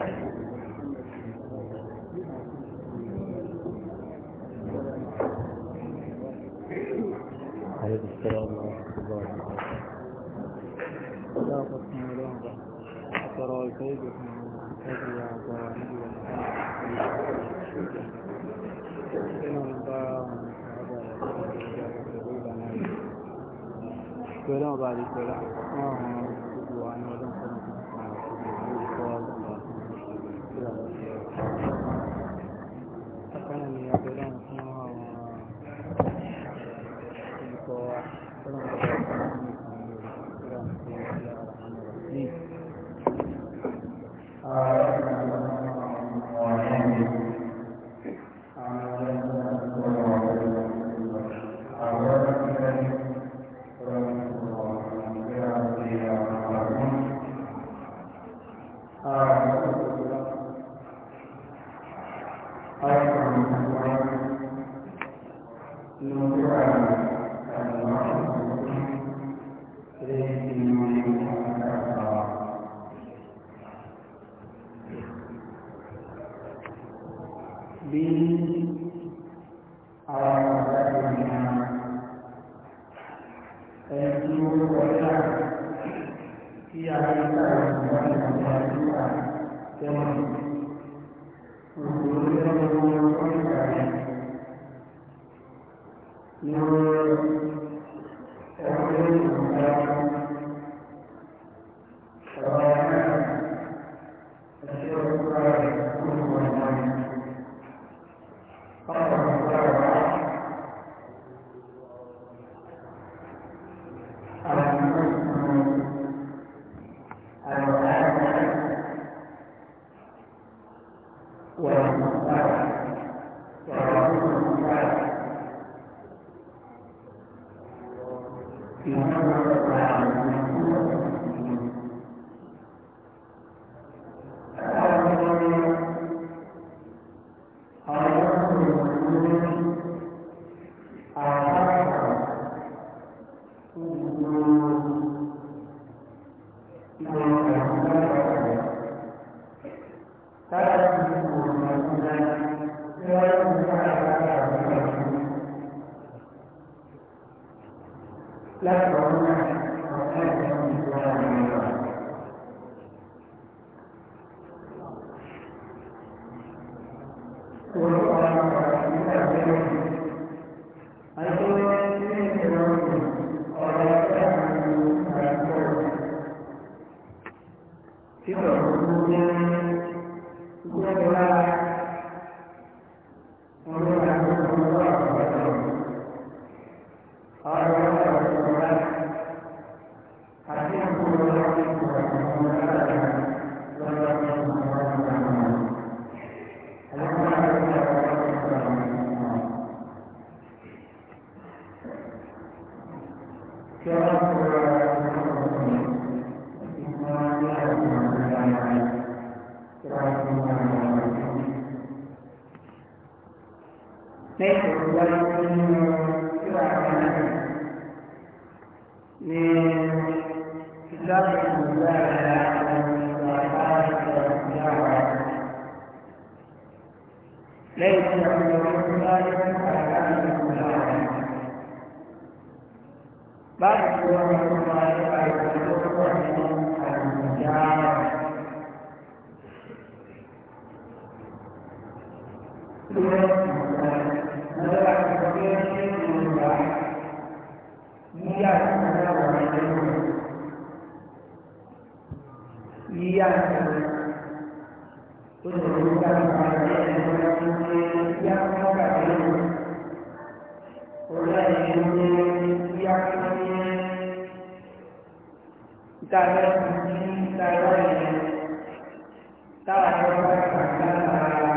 عليكم السلام ورحمة الله وبركاته لا قسم لهم أترى الكيد من أجل أعطاني والحمد إنهم ضاعوا من أعضاء الله abẹ́lẹ́ fún àwọn olùkọ́ wa lẹ́yìn báyìí tó ń bá ìwà ìwà tó wà nínú àwùjọ tó ti ní ká ní ká ní ẹni tó ti ní yá fún ọ̀gá ìlú orí ẹni tó ní yá fún ní ìta ẹ̀rọ ní ìta ẹ̀rọ yẹn táwa ní ọ̀gá ìgbà lára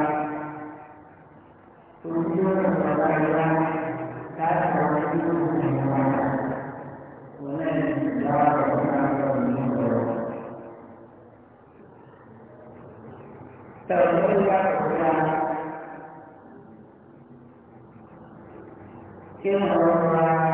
tó ní yóò rọ̀ ọ̀gá ìlú láti ọ̀gá ìlú. Thank you.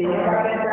èyí bá rẹ̀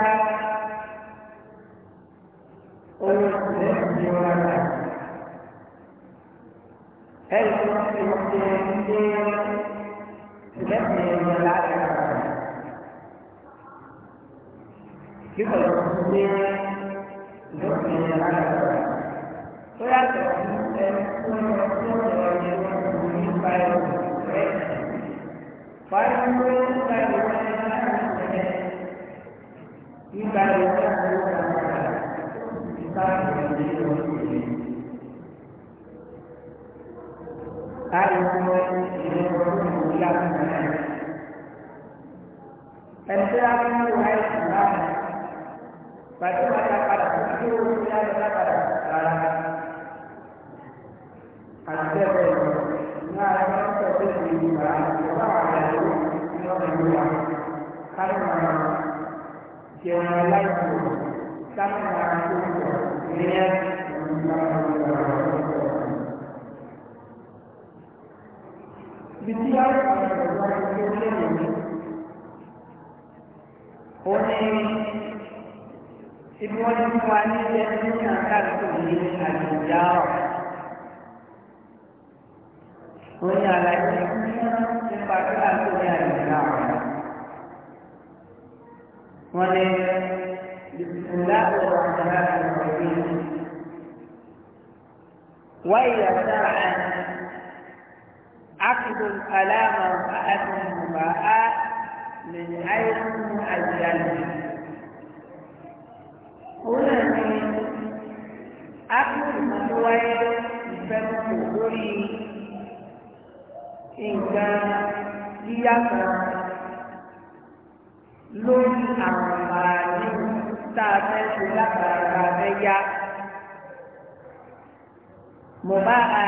من حيث الجنة هنا أخذ مدوية بنت دوري nǹkan yíyàtọ̀ lórí àwọn àmàlẹ́ tá a fẹ́ Mo bá a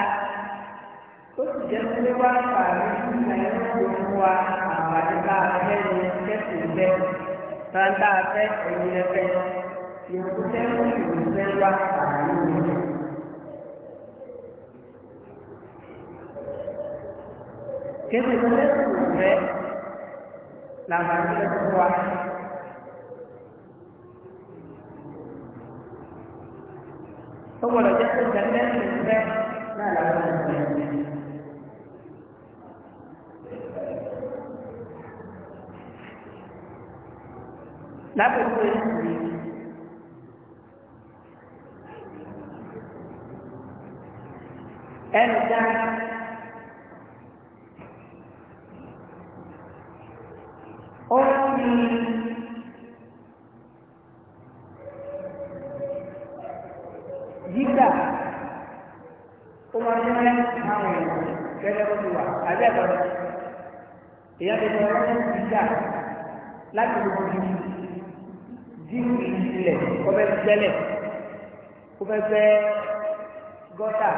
ó sì jẹ́ pé wá pàmì nígbà yẹn ló wá àwọn àdìgbà abẹ́rẹ́ ní kẹ́sì bẹ́ẹ̀ sáńtà afẹ́ ẹ̀yìn ẹ̀fẹ́ yòókù sẹ́wọ́n yòókù sẹ́wọ́n wá pàmì nígbà yẹn. kéde lórí ẹ̀sùn rẹ̀ làwọn akẹ́kọ̀ọ́ wa. ó gbọ́dọ̀ jẹ́ pé jẹ́ lẹ́sìn rẹ̀ náà làwọn akẹ́kọ̀ọ́ rẹ̀. lábẹ́kú ẹ̀sìn ẹnìkan ó fi yígbà ó máa ní wọn àwọn èèyàn gẹ́gẹ́ bó ti wà àbẹ́ẹ̀kọ́ ìyá ti sọ ọ́ láti lóko yìí díìkù ìsìlẹ̀ kó fẹ́ tẹ́lẹ̀ kó fẹ́ fẹ́ gọ́tà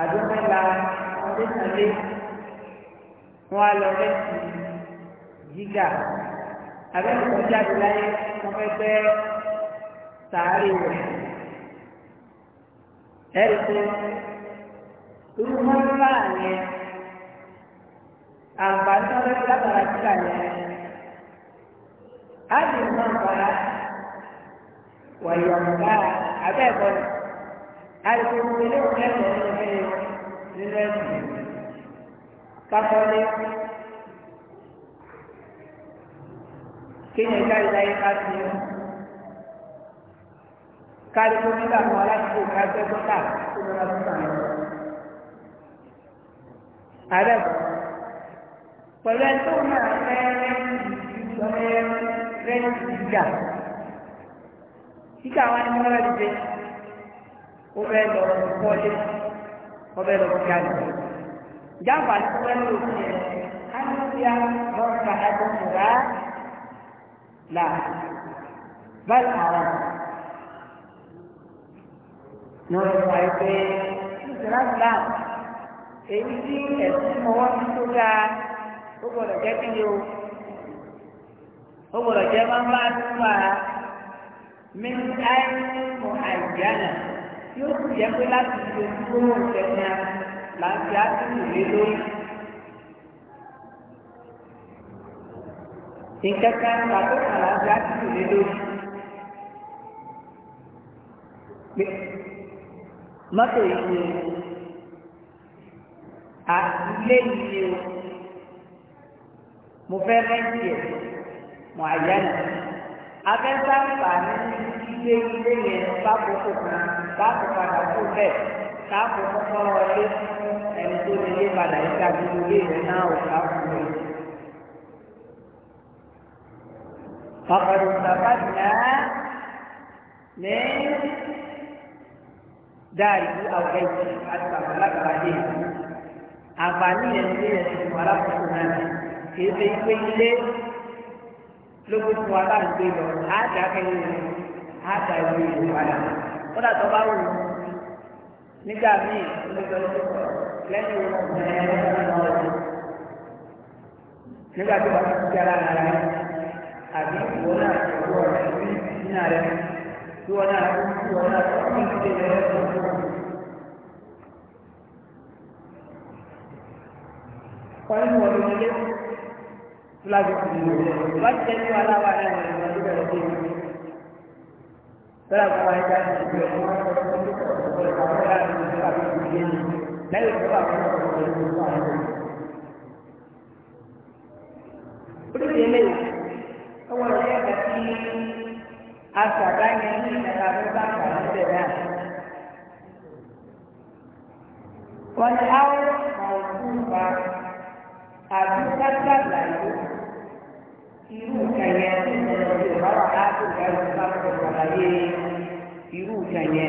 àdúgbò la ọdẹ́sàlẹ̀ wọn á lọ rẹ́sì gíga abẹ́rẹ́ kan jáde láyé wọ́n fẹ́ fẹ́ sàárè rẹ̀ ẹ̀rí pé irú mọ́tò báyà yẹn àǹfààní wọn fẹ́ fẹ́ látara gíga yẹn. هذه المنطقة وهي مباعة عذاب المؤمنون يدعون للمسجد كقول كنا كاي لا يقاتل كاي كنا ولا كاي كاي كنا كنا عذاب pẹ̀lú ẹ̀tọ́ náà ẹ̀ẹ́dẹ́gbẹ̀rún rẹ́ǹtì gíga gíga wa ni wọ́n rẹ̀ ti dé ó fẹ́ lọ kọ́lé wọ́n fẹ́ lọ sí àgbẹ̀ jáfà ní wọ́n lò sí ẹ̀ ánúbíà lọ́ọ̀ta ẹ̀kọ́ kùrá là báyìí àwọn lọ́rọ̀ wà pé ìsìláàmùlá èyí tí ẹ̀sìn mọ́wọ́ tó dáa ó gbọ́dọ̀ jẹ́ kí ni o ó gbọ́dọ̀ jẹ́ máa ń bá túmọ̀ mímú àìyáná yóò sì jẹ́ pé láti ṣe owó ìṣẹ̀yà láti àtúntò lé lórí. ìkẹta pàtó kan láti àtúntò lórí. mọ́tò yìí ni àtúlé yìí ni mo fẹ́ rẹ́ǹtì ẹ̀ mọ̀àyánà afẹ́fẹ́ àǹfààní ilé ilé yẹn bákòókò kan bákò padà kú bẹ́ẹ̀ káàkó kọ́kọ́ wọlé ẹni tó lè lé padà ìta gbogbo ilé rẹ̀ náà wò káàkó rẹ̀. Pàpàdé bàbá nà ní dáàrí àwọn ẹ̀jẹ̀ àti bàbá lágbàdé àǹfààní yẹn lé ẹ̀sìn wàrà fún un náà kì í ṣe ilé lókè fún wa bá ń gbé lọ àádá kẹyìn rẹ àádá ìwé ìlú padà kódà tó bá wù ú nígbà míì lẹ́yìn ìwé ọ̀sẹ̀ ẹ̀ẹ́dẹ́gbẹ̀rún nígbà tó bá ti ti ara rẹ àbí ìwọ náà ti wọ rẹ sí ìdínà rẹ tí wọn náà tí wọn náà tó ń ṣe rẹ wọ́n ń wọ́n lórí lẹ́yìn láti fi wọ́n ti tẹ́lẹ̀ wọn láwa náà wọ́n ti tẹ́lẹ̀ wọn lórí ẹ̀rọ Sọ́dọ̀ fún wa ẹja ti bẹ̀rẹ̀ fún wa lọ́wọ́ tó ń bọ̀ ọ̀pọ̀ ìpàdé láti fi wà lórí ìdílé ní lẹ́yìn tó wà fún ọ̀pọ̀ ìpàdé tó wà lórí ìdílé. Olùdíje lẹ́yìn, ọwọ́ rẹ̀ yẹ kẹ́ sí aṣàgbá yẹn ní ìlànà tó bá kà á bẹ̀ náà. Wọ́n ní àwọn ọ̀gbùn wa àbí sábà láyé irú kẹyẹ yorùbá wà láti ìgbà yorùbá kò sàlàyé irú kẹyẹ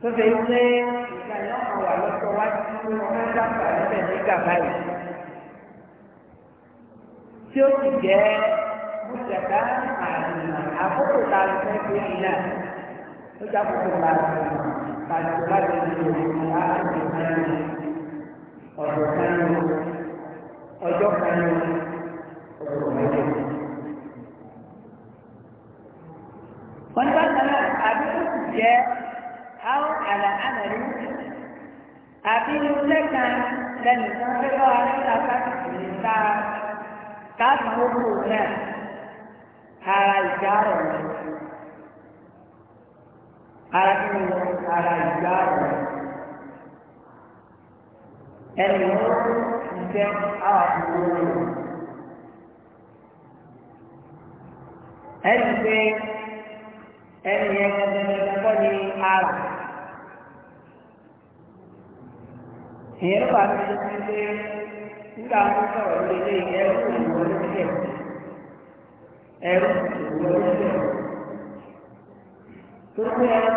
tó fẹ́ pé ìkànnì ọkàn wà lọ́sọ̀ wá sí ọmọ sábà lẹ́sẹ̀ nígbà báyìí tí ó sì jẹ́ mùsàkà àdùnnà àkókò tá a fẹ́ pé ìlà ó jẹ́ àkókò tá a fẹ́ pàṣẹ láti ìlú ìlà àti ìlú ọ̀dọ̀ kan ọjọ́ kan wọ́n bá tẹ̀lé àbí ó sì jẹ́ àwọn àlà àmàlí àbí ilé kan lẹ́nu tó ń fẹ́ lọ́wọ́ nígbà pàtàkì níta káàkiri owó náà ara ìjà rọ̀ ara kí ni ara ìjà rọ̀ ẹnu ìjẹun àwọn àbúrò rẹ̀. ẹni pé ẹni yẹn gbẹgbẹgbẹ kọ́ ni ara ìyẹn mi lọ sí pé nígbà wọn sọ̀rọ̀ lórí ilé ìyẹn ẹrú ìwọ lórílẹ̀ ẹrú ìwọ lórílẹ̀ tó pé ẹrú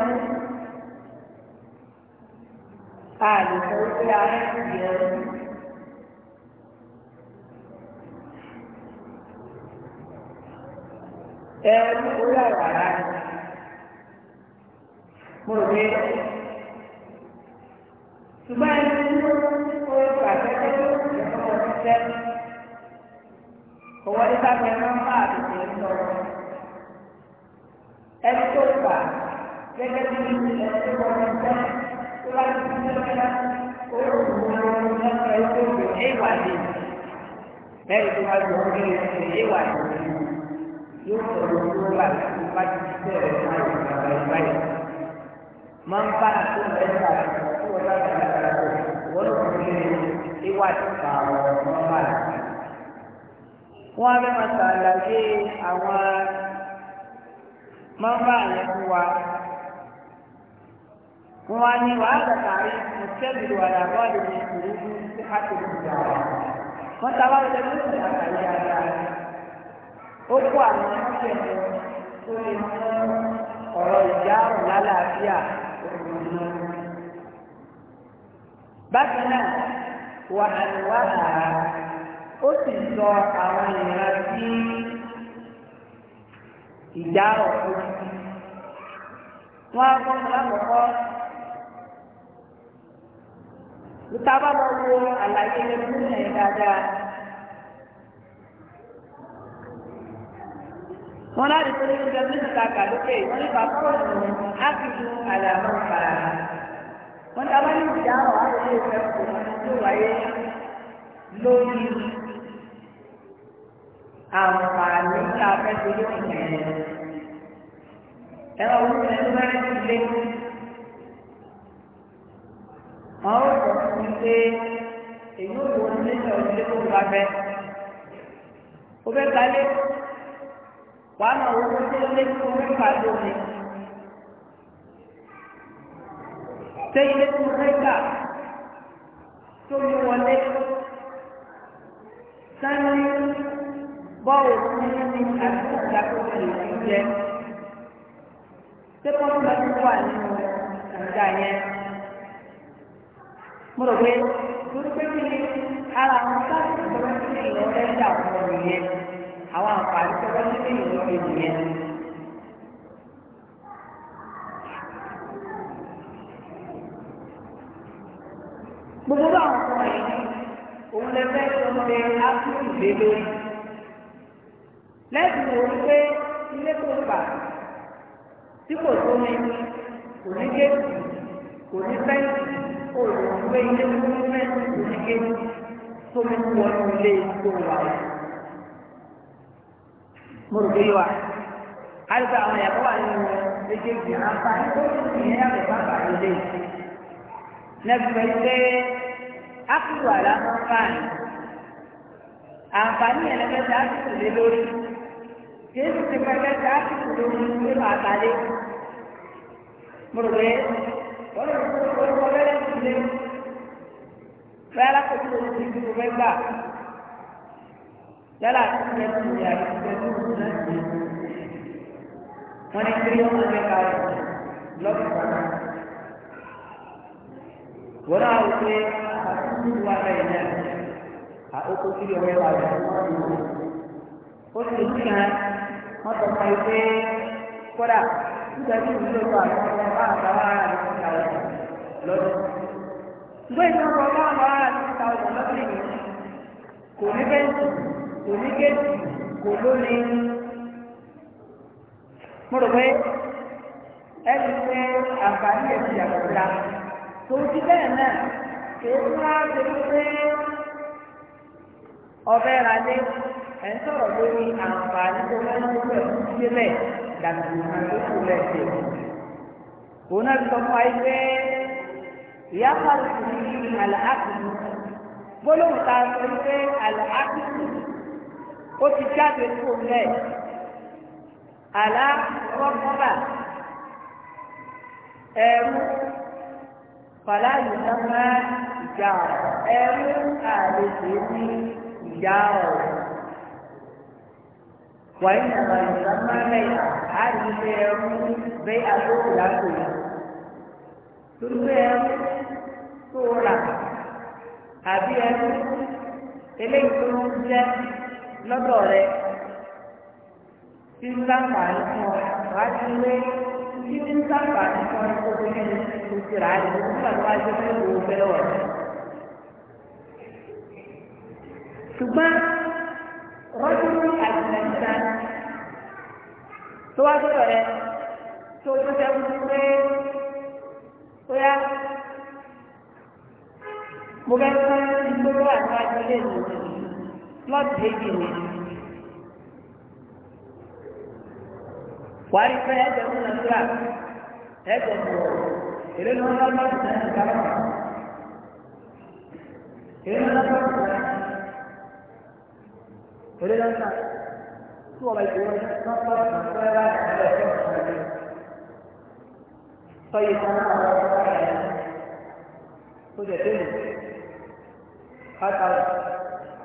a lè ara ẹrú ẹ̀rú orí àwàrà ni mo rò pé ṣùgbọ́n ẹni tí ó ó pàṣẹ pé ó ti ọmọ ti tẹ́ kò wọlé sáfẹ́ nọ́mbà àtúntò ń lọ ẹni tó gbà gẹ́gẹ́ bí ẹni tó wọlé tẹ́ tó bá ti fi tẹ́lẹ̀ náà ó rò wọ́n lọ́wọ́ ẹni tó gbà ẹ̀wà lè mẹ́rin tó wá lọ́wọ́ nílé. bulan lagi kita baik-baik. Mampan aku mereka orang yang berlaku. Walaupun ini iwat kalau mampan. Wala masalah ni awal mampan yang kuat. Kuani wala tarikh mustaqbil wala wala min syururi sihhatul jawa. Kau tahu dari mana kata dia ó kó àwọn ẹgbẹ́ tó lè mú ọ̀rọ̀ ìjà ọ̀rọ̀ lálàáfíà òmìnira. bákan sọ àwọn ìran sí ìjà ọ̀rọ̀ wọn á lákòókò wọn láti tó ní oúnjẹ méjì kàkà lókè wọn ní bàbá òṣùwọ̀n á fi lu àlàmọ́ ìfara wọn dábàá ní ìjà ọ̀ àti ìfẹ́ òṣùwọ̀n tó wáyé lórí àǹfààní tá a fẹ́ ṣe lórí ìyẹn ẹ̀rọ orúkọ ẹni bá rẹ̀ ti lé wọn ó sọ fún pé èyí ò lò ó nílé ìjọba ìdílé tó ń ó fẹ́ gbalé wàá máa wo ohun tó lé kú mẹ́fà lómi. ṣé ilé kú mẹ́fà tó mú wọlé sani bọ́ọ̀lù fún mi àti ìgbà tó ti lè fi jẹ. ṣé pọ́ńtù bá ti wà nínú ìgbà yẹn? mo rò pé torí pé kí ni ara àwọn sáà tó ń sí ìlọ́ọ̀rẹ́ ìjà ọ̀pọ̀ nìyẹn àwọn àǹfààní tó wọ́n ní nínú ìwé nìyẹn. gbogbo bá àwọn ọmọ yìí òun lè fẹ́ sọ pé a tún ìgbé lórí lẹ́sìn òun pé ilé tó gbà tí kò tó ní kò ní géètì kò ní fẹ́ǹsì òòlù ìwé ilé tó ní fẹ́ǹsì kò ní géètì tó ní wọnú ilé tó wà yìí mo rò pé yìí wà àlùkò àwọn ìyàwó wà nínú méjèèjì àǹfààní tó ń fi ìyẹn yàtọ̀ bá bàá lóde nẹ́gbẹ̀ẹ́ pé ákùrù àlá máa ń fààní àǹfààní yẹn lẹ́gbẹ̀ẹ́ tá a ti tẹ̀lé lórí kìí ti ti pẹ́pẹ́ a ti tẹ̀lé lórí nínú àtàlẹ́ mo wọ́n lè fi orúkọ bẹ́rẹ̀ sílé bẹ́ẹ̀ alákòókò tó ti di gbogbo ẹgbàá yálà ìṣẹ́ tó yà ìṣẹ́ tó wù náà ṣe wọ́n ní kí wọ́n máa mẹ́ta rẹ̀ lọ́kùnrin kan. wọ́n náà wò pé àtúntò wà lẹ́yìn náà àkókò tí ìwé wà lẹ́yìn náà ó sì ń kàn wọ́n tọ́ ka ìwé kọ́dà nígbà tí ìwé lọ́wọ́ àwọn ọmọ bá àgbà wà láàrin ìta ọ̀sán lọ́dún. ìwé ìtàn ọmọ bá àgbà wà láàrin ìta ọ̀sán lọ́dún yìí kò ní bẹ́ẹ̀ kò ní géètì kò lóni mo rò pé ẹni pé àǹfààní ẹ̀ ti yàtọ̀ síra tó ti bẹ́ẹ̀ náà kìí fún wa ṣe pé ọbẹ̀ ra lé ẹ̀ ń sọ̀rọ̀ lórí àǹfààní tó fẹ́ ló fẹ́ sílẹ̀ dàbí ìrìnàjò tó lẹ̀ ṣe. òun náà ti sọ fún wa pé ìyá pàrọ̀ sí ní àlàákùnrin gbólóhùn ta sọ pé àlàákùnrin ó ti jáde kó lẹ̀ àlá rọ́pọ́bà ẹ̀rú fàlà ìdáná ìjà ẹ̀rú àlejò ní ìyá ọ̀rọ̀ wàyí nàbà ìdáná lẹ́yìn àdìsẹ́ ẹ̀rú bẹ́ẹ̀ àlókò lápò yìí torí pé ẹ̀rú tó rà àbí ẹ̀rú eléyìí tó ń jẹ́ lọ́dọ̀ rẹ tí ń sáfàánì fún ọ wá sí ilé tí ń sáfàánì fún ọ kó tó kíni kó ti rà á lè fún ìgbà tó wá jẹ pé òun fẹ́ lọ́wọ́ rẹ. ṣùgbọ́n rọ́dúnrún àtìlẹ́sà tó tó tó sẹ́kù sí pé ó yá mo fẹ́ fún ìgbéró àti wájú ilé ìwòsàn blood baby ni wàá ẹ̀jẹ̀ ń lọ ẹ̀jẹ̀ ń bọ̀ èrè ló ń lọ bá sẹ́yìn ìgbà wọn èrè ló ń lọ bá sẹ́yìn èrè ló ń lọ tí wọ́n bá ti wọ́n ti sọ́n sọ́n sọ́n sọ́n yára ẹ̀jẹ̀ tó ń sọ́n yìí sọ́yìí sọ́n náà wọ́n sọ́n ó jẹ́ tẹ́lẹ̀ five thousand.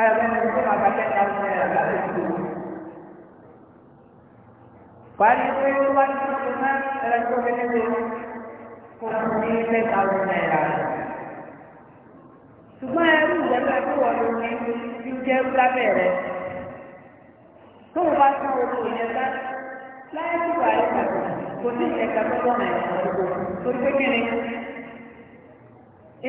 káyọ̀ bẹ́ẹ̀ ni ṣé màgbà tẹ́ ta fún ẹ̀rọ àgbà tó ti dùn. Wàhálì pé ó bá ní tuntun náà ẹ̀rọ tó fi ní lè kó fún ní mẹ́ta fún náírà. Ṣùgbọ́n ẹrú ìjẹ́bẹ̀ tó wọ̀ ló ní bí ó jẹ́ lábẹ́ rẹ̀. Tó o bá tán owó ìyẹn láyé tó wà ní pàtó kò ní ìṣẹ̀ka tó lọ́nà ẹ̀rọ tó tó pé ń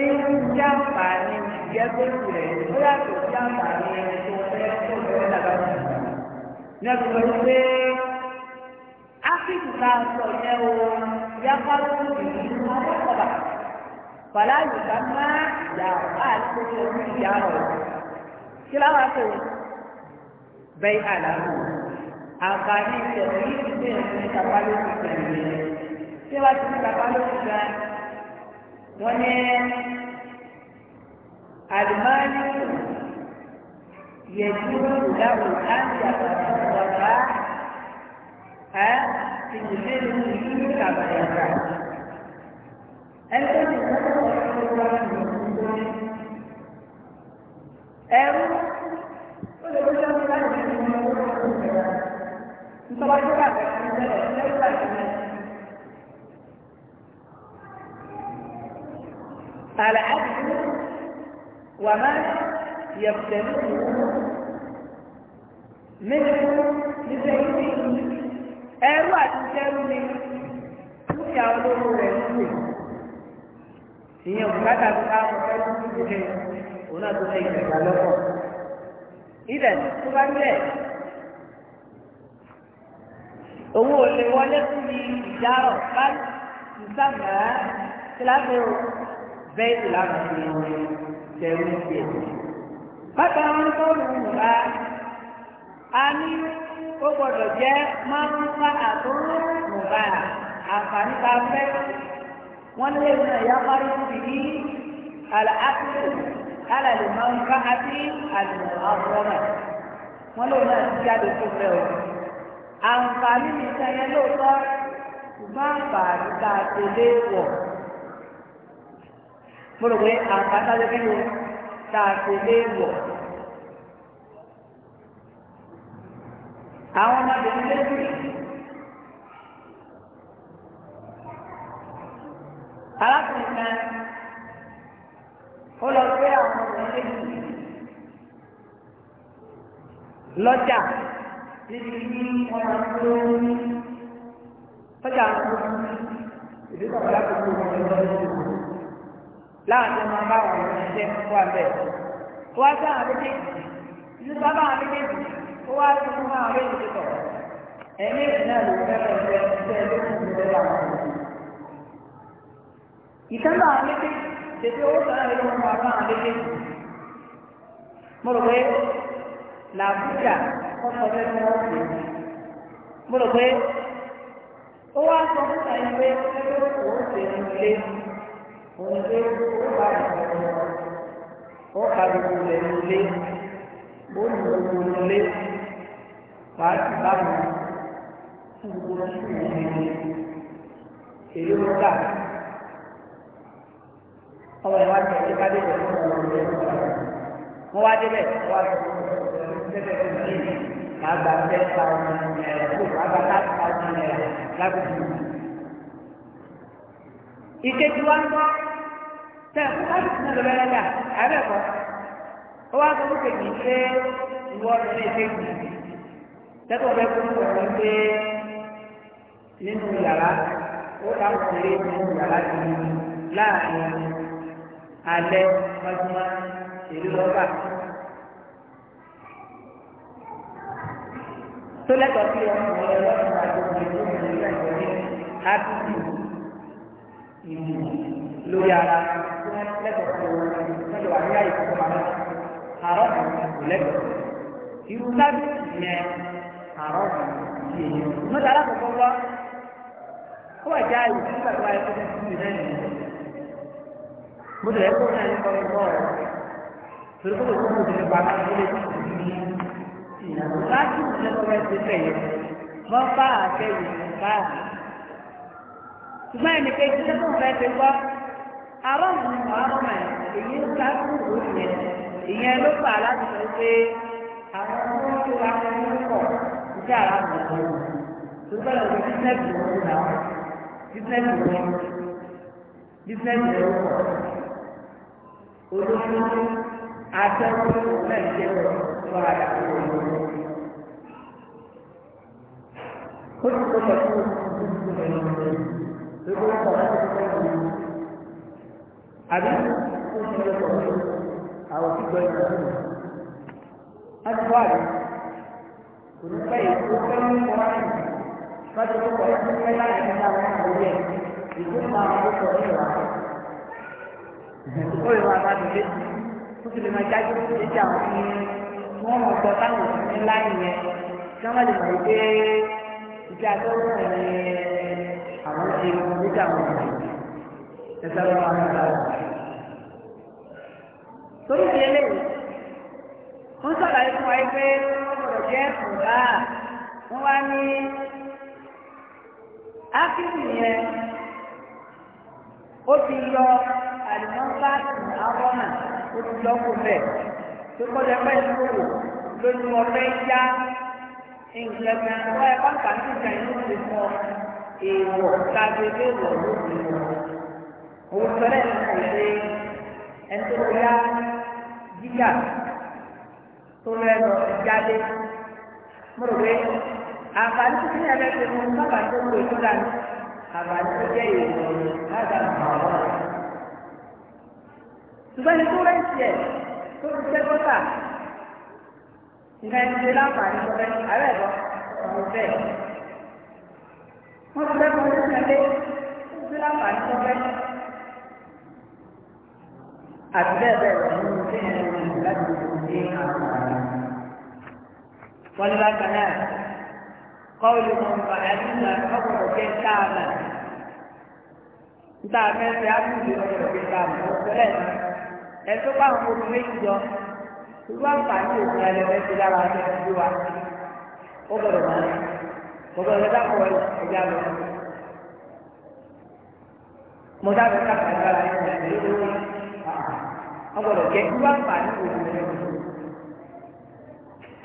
jàǹfà ní ìjẹ́gbẹ́sì rẹ̀ ó yàtọ̀ sí àǹfààní ẹni tó fẹ́ tó fẹ́ dàgbà jù. Nẹ́bí ló ń gbé áfíìsì náà sọ yẹn o yáfáró ìlú ọgọ́kọ̀bà. Bàlá Yorùbá máa ìyá ọ̀pá àti orí ìyá ọ̀rọ̀. Kí láwa tó bẹ́ẹ̀ àlàbò? Àǹfààní ìṣẹ̀lẹ̀ yìí ti bẹ̀rẹ̀ ní ìtàpá lórí ìgbà Ṣé wàá ti ní ìtàpá lórí ìgbà wọ́n ní àlùmáàlì yẹ̀dú ìdáwò láti àbàdàbà ẹ́ ìdílé ìlú ìlú àbàdàbà. ẹgbẹ́ ìgbàlódé ọ̀rọ̀ ìwà ìlú ẹ̀rú ó lè gbé lọ́wọ́ láti ìlú ìlú ìlú ìlú ìlú ìlú ìlú ìlú ìlú ìlú العبد وما يبتلونه منه لسيده ẹrú àtijẹ́rú ni dúkìá olówó rẹ̀ ń pè ìyẹn òkúta tó bá wọn fẹ́ lójú ìdílé òun náà tó fẹ́ ìgbàgbà lọ́pọ̀ ilẹ̀ tó bá gbẹ̀ òun ò lè wọlé fún mi ìdárọ̀ bá ìsàgbà kíláàsì o bẹ́ẹ̀ ìlànà ti rìn tẹ̀wé tiẹ̀. bákan wọn tó lù ú wá a ní ó gbọdọ̀ jẹ́ máa ń fa àtúntò mùbá àǹfààní ta fẹ́. wọ́n lé ní ẹ̀yà parí síbi ní àlàáfíà alàlè máa ń fa àti àlùmọ̀ àbúrọ̀mà. wọ́n lòun náà ti jáde tó fẹ́ o. àǹfààní mi sẹ́yìn lóòótọ́ ṣùgbọ́n àǹfààní ta tẹ̀lé wọ̀ mo rò pé àǹfààní ló bínú tá a ṣe léèwọ̀. àwọn ọmọbìnrin lébìrì arákùnrin kan ó lọ pé àwọn ọmọbìnrin lébìrì lọ́jà níbi ní ọmọ tó ń lọ́jà ń kú ìdíkọ̀ ọ̀dà kò tó ń lọ́jà ń kú láwọn tó máa bá wọn lọ ṣiṣẹ́ wà bẹ́ẹ̀. wá sí àwọn méjèèjì ní sábà àwọn méjèèjì ó wá sí fún àwọn méjèèjì tọ̀. ẹ̀mí ìdílé náà ló fẹ́ lọ ṣe ṣe ló kù ní ọjà wọn. ìtàn àwọn méjèèjì tètè owó sọ̀rọ̀ ìlú wọn wà fún àwọn méjèèjì. mo rò pé làbújá ọkọ̀ fẹ́ fún wọn sí. mo rò pé ó wá sọ fún àyẹ̀wé ẹgbẹ́ òkú ó ṣe é òun pé ó bá ìgbàgbọ́ ó ka gbogbo rẹ̀ nílé ó lù gbogbo nílé wàá sì bá wọn tí gbogbo wọn sì wù nílé èyí ló dà ọmọ ìwà tẹ̀lé bá débẹ̀ wọ́n wá débẹ̀ wọ́n wá débẹ̀ tó ní àgbà ten thousand naira tó àgbà ten thousand naira lágbègbè. ìkejì wa ń bọ́. tẹ ẹkú bá tuntun náà lọ́wọ́ ẹ̀dá abẹ́ kọ́ ó wá sọ fún èmi pé ìwọ ọ̀rẹ́ lè fẹ́ gbìn tẹ́tọ́ ọ̀rẹ́ kó fún ọ̀rẹ́ pé nínú yàrá ó dá lórí ara lẹ́tọ̀ọ́ fún wọn ní àyè fún wọn àrọ́ lẹ́tọ̀ọ́ irú lábẹ́ yẹn àrọ́ yìí mọ́tò alákọ̀ọ́kọ́ wá ó wà já ìlú nígbà tó wáyé fún mi náà nìyẹn mọ́tò yẹn kó náà ní kọ́kọ́ bọ́ọ̀lù torí kó tó kó tó ti pa á lórí ìlú láti ìlú lọ́wọ́ ẹ̀ ti tẹ̀yẹ wọ́n bá àtẹ̀yẹ báyìí ṣùgbọ́n ẹnì kejì lọ́wọ́ ẹ̀ ti gbọ́ àrọ́ọ̀mù ni wàá rọ̀ mọ̀ èyí ń ká kú òun yẹn ìyẹn ló fà láti sọ pé àwọn ọmọ tó wà ní pọ̀ ìdí àrà mọ̀ lọ́wọ́ tó bẹ̀rẹ̀ wọ bísíǹnẹ́sì wọn là wọn bísíǹnẹ́sì wọn bísíǹnẹ́sì wọn pọ̀ olóṣèlú àtẹ̀wọ́ náà jẹ́ wọn àyà wọn. Kókò kókò tó ń bọ̀ lọ́wọ́ lórí ọ̀rọ̀ ẹ̀kọ́ àbí ó ti lọ sọ àwọn tí ìgbà tó nù láti wá rí kò ní pẹ́ yìí ó fẹ́ ní kọ́ láti lọ́jọ́ tó kọ́ láti fẹ́ láti ní àwọn àwòrán ẹ̀ ìdí máa ń kọ́ ẹ̀rọ àwọn ìkórè wa bá dùn létí ó sì lè máa jáde létí àwọn ní wọ́n mọ̀ gbọ́ táwọn òsì ní láyìn yẹn kí wọ́n lè máa gbé ìdí àtọ́wọ́ ẹ̀ àwọn ṣe ẹ̀sẹ̀ lọ́wọ́ àwọn ọ̀gá rẹ̀. torí ti eléyìí wọ́n sọ̀rọ̀ ikú wa pé wọ́n gbọ́dọ̀ jẹ́ ọ̀gá wọ́n wá ní ákíwì yẹn ó ti yọ àlùmọ́ńgá àwọn náà ó ti yọ kó bẹ́ẹ̀ tó kọjá bẹ́ẹ̀ tó wò lójú ọbẹ̀ yá nǹkan kan wọ́n ẹ̀ ìjà ìlú ti sọ èèwọ̀ tàbí ilé ìwọ̀ lójú ìwọ̀ bẹ̀rẹ̀ náà ṣe ẹni tó yá jíjà tó lọ ẹ̀rọ ìjáde mo rò pé àǹfààní tó ní ẹ̀rẹ́ ṣe fún bàbá tó ń lo ìtura ní àǹfààní tó jẹ́ ìwé láti àwọn ọ̀rọ̀ rẹ̀. ṣùgbọ́n ní kúrẹ́ǹtì ẹ̀ tó ti jẹ́ bọ́tà nǹkan ẹni láǹfààní tó àárẹ̀ ẹ̀rọ ọ̀rọ̀ bẹ́ẹ̀. wọ́n ti fẹ́ fún ọdún ẹgbẹ́ tó ti láǹfààní tó fẹ́ àti bẹ́ẹ̀ bẹ́ẹ̀ lọ nínú tí ẹ̀ ń rìn láti ní àǹfààní. wọ́n ní bákan náà kọ́ọ̀lù mọ̀nfà àdúgbò àkọ́kọ̀rọ̀ jẹ́ káàmà níta mẹ́fẹ́ àdúgbò ọ̀rọ̀ jẹ́ káàmà ọ̀sẹ̀lẹ̀ ẹ̀ tó bá àwọn ọmọ méjì jọ irú àǹfààní òfin ẹ̀rọ mẹ́fẹ́ lára ọ̀sẹ̀ ìlú wa ó gbọ́dọ̀ mọ́ gbọ́dọ̀ ọgbọdọ gbọ́dọ̀ jẹ́ irú àǹfààní wo ni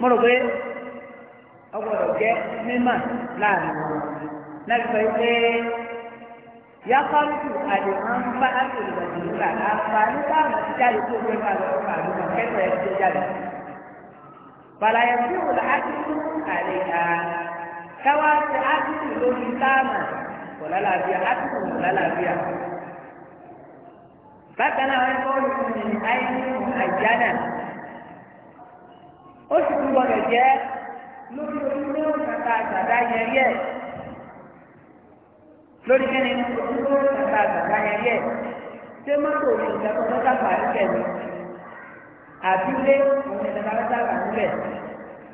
mo rò pé wọ́n gbọ́dọ̀ jẹ́ láàrin wọn láti sọ pé yàtọ̀lùkù àdìmọ́n bá àtòlùbọ̀ nígbà àǹfààní táwọn ti jáde tó gbé wà jáde. tí àlè káwá ti lórí kò bákan náà wọn kọ́ ní àìsàn àjánà ó sì tún gbọdọ̀ jẹ́ lórí onílé òkàtà àgbàdá yẹn yẹ lórí kíni onílé òkàtà àgbàdá yẹn yẹ ṣé mọ́tò ní ìjọba lọ́sà pàrí kẹ̀mí àbílé òun ìjọba lọ́sà pàrí kẹ̀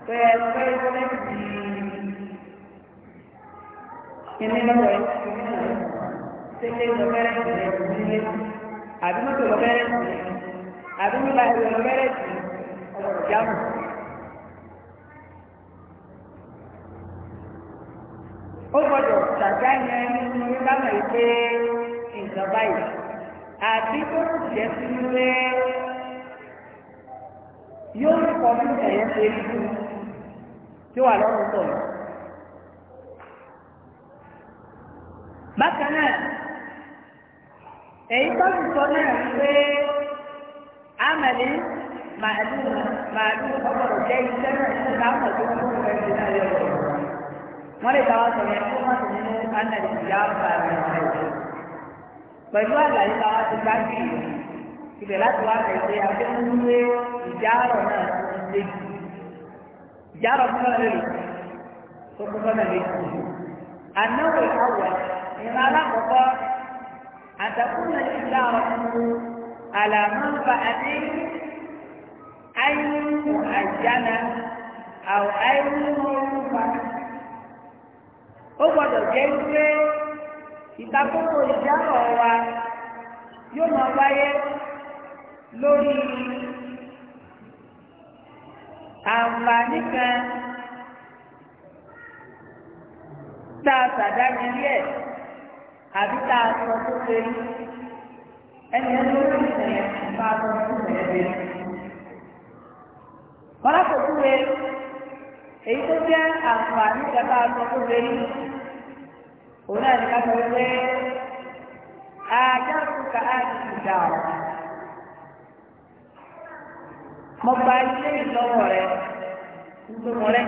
pẹ̀lú pẹ̀lú pẹ̀lú kíni lọ́wọ́ ẹ̀ ṣe lé lọ́wọ́ ẹ̀ ṣe lé lọ́wọ́ ẹ̀ àbí mọ́tò lọ bẹ́rẹ̀ àbí mọ́tò lọ bẹ́rẹ̀ ọ̀rọ̀ jámù. ó gbọ́dọ̀ ṣàṣà yẹn nínú nígbà mọ̀ pé ìjọba yìí àbí tó ń jẹ́ sínú pé yóò kọ́ fún ẹ̀yẹ́ ṣe rí fún tí wà lọ́rùn tọ̀. bákan náà èyí tó ti sọ náà ni pé amẹ̀lí màálù màálù ọgbọ̀rọ̀ jẹ́ iṣẹ́ náà ní káwọn tó ń fún ẹ̀ sí náà lọ́wọ́ wọ́n lè dáwọ́ sọ̀rọ̀ ẹ̀ fún mọ́tò nínú anẹ̀lì ìyá ọ̀gá rẹ̀ pẹ̀lú àlàyé táwọn ti gbá sí ibẹ̀ láti wá bẹ̀ ṣe abẹ́nulé ìjárọ̀ náà lé ìjárọ̀ fún ọ̀rẹ́ rẹ̀ tó kún fọ́nà lé anáwó ìhàwọ̀ ìran alákọ̀ọ́kọ́ أتكون الإشارة على منفعة أي مؤجلة أو أي مرفعة ó gbọ́dọ̀ jẹ́ pé ìtakókò ìjábọ̀ wa yóò máa wáyé lórí àǹfààní kan tá a sàdáni rí ẹ̀. àbí tá a sọ tó ṣe rí ẹni ẹni ó ti sẹ̀ bá tó ṣe rí. Mọ́lákòókò èyí tó jẹ́ àǹfààní ìjọba sọ tó ṣe rí. Òun náà ní ká sọ pé ajá òkúta á ti dà ọ́. Mo gba ilé ìlọ́wọ́ rẹ̀ nítorí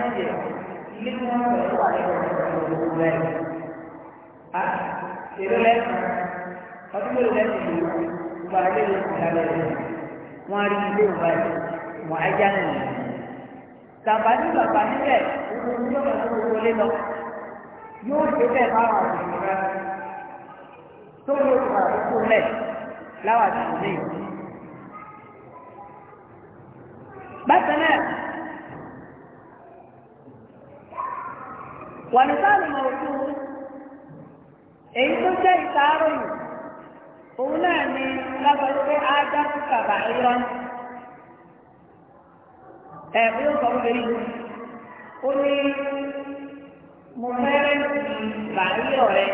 èrè lẹ́sìn ọdún mélòó lẹ́sìn yìí gbogbo àlẹ́ yìí ti dalẹ̀ rẹ̀ wọ́n á rí ilé ìwà yìí wọ́n á já nìyí. Tàbá ní bàbá níbẹ̀ òun yóò lọ sí wọlé lọ yóò dé bẹ́ẹ̀ bá wà lọ tó yóò fà kó lẹ̀ láwà tó lè. Bákan náà, wà ní sáà lè mọ̀ ojú èyí tó jẹ́ ìtaaròyìn òun náà ni lágbàdo pé á dá sí kàbà irọ́ ẹ̀ bí ó sọ wọlé yìí ó ní mo fẹ́rẹ́ sí bàáyọ̀ rẹ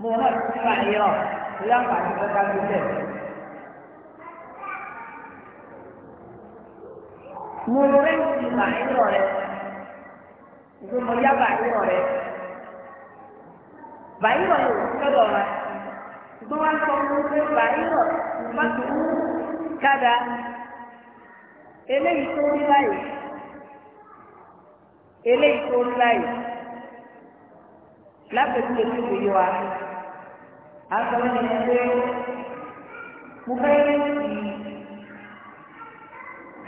mo náà sí bàáyọ̀ láǹfààní tó bá tó bẹ̀. mo fẹ́rẹ́ sí bàáyọ̀ rẹ ìgbìmọ̀ yá bàáyọ̀ rẹ. bàyìrọ̀ ló lọ́dọ̀ wa ṣùgbọ́n wá sọ fún pé bàyìrọ̀ mọ́tòkú kádà eléyìí tó rí báyìí eléyìí tó rí báyìí lápẹ̀tù ètò ìwé wa àgbọ̀n ní ẹgbẹ́ mo fẹ́ rí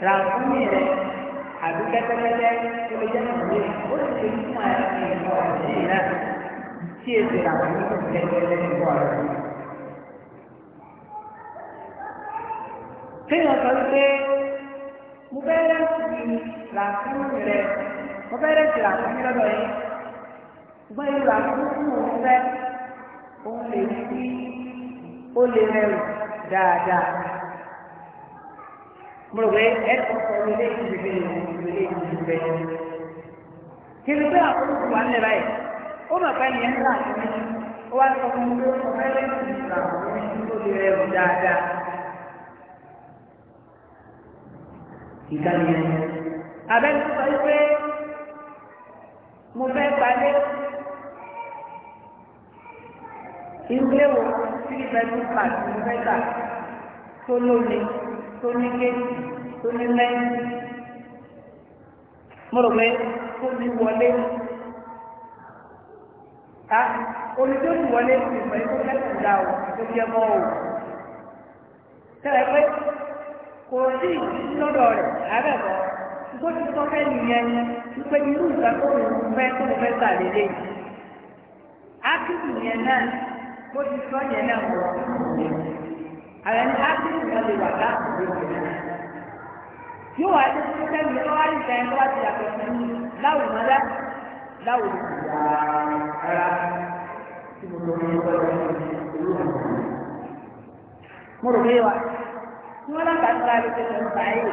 ràǹfùmí rẹ̀ àbí kẹ́tẹ́kẹ́tẹ́ tó lè jẹ́ nàìjíríà ó sì lè fún àyàfi ìwà ọ̀sẹ̀ náà. kíyèsí ra ẹgbẹ̀rẹ̀ nípa rẹ̀. Kéèyàn sọ pé mo fẹ́ rẹ́sì làákùn rẹ̀ mo fẹ́ rẹ́sì làákùn mi lọ́dọ̀ yìí. Ṣùgbọ́n irú làákùn tí mo fẹ́ òun lè fi ó lè rẹrù dáadáa. Mo rò pé ẹ̀kọ́ sọ ilé ìdìbò ìdìbò ìdìbò. Kí ni pé àkókò wà ń lẹ̀ báyìí? ó mọ̀ pé yẹn ń là sí ó wá sọ fún mi pé ó fẹ́ lẹ́sìn ìgbà òun tó lè rẹrù dáadáa. ìdánilẹ̀ abẹ́ni tó sọ pé mo fẹ́ gbalé ilé wo tí ìbẹ́ni pàtó mo fẹ́ gbà tó lónìí tó ní géètì tó ní lẹ́yìn mo rò pé tó ní wọlé a olùdókòwò wọlé ìmọ̀ ikú kẹ́kọ̀ọ́ dà o tó yẹ mọ́ o tẹ́lẹ̀ pé kò sí lọ́dọ̀ rẹ̀ àbẹ̀ bọ̀ ṣùgbọ́n ti sọ fẹ́ nìyẹn wípé irú ìgbà tó lò fẹ́ tó lò fẹ́ gbà lélẹ̀ ákìtì yẹn náà bó ti sọ yẹn náà wọ̀ àwọn ẹni ákìtì yẹn lè wà láàbùkù yóò wá sí sẹ́mi lọ́wọ́ àyíká yẹn lọ́wọ́ àti àpẹẹrẹ láwùjọ láwùjọ ara tí mo lọ ní ọgbà lọ sí ìlú ọ̀hún. mo rò pé wa tí wọ́n lábàá tó láti ṣe pẹ̀lú báyìí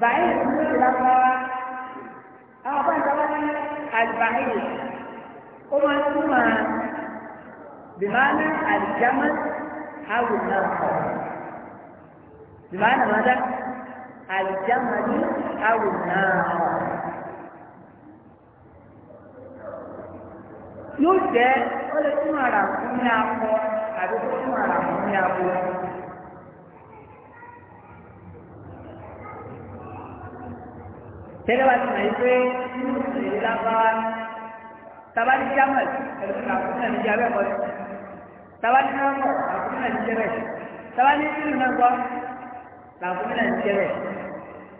báyìí tí wọ́n ti lágbára àwọn bá ń sọ wọ́n ní àgbáyìí ó máa ń túmọ̀ bìmánà àdìjámọ́ àwòrán ọ̀hún. بمعنى ماذا؟ الجمل أو yóò jẹ́ ọlẹ́ tí wọ́n rà fún ní akọ àbí tí wọ́n rà fún ní abo. tẹ́lẹ̀ bá ti mọ̀ yí pé inú ìṣèlú lágbára tabali jamal ẹ̀rọ àkókò náà ní jẹ́ abẹ́kọ̀ọ́ tabali náà mọ̀ àkókò náà ní jẹ́ bẹ́ẹ̀ tabali nínú náà gbọ́ làkókò náà ní jẹ́ bẹ́ẹ̀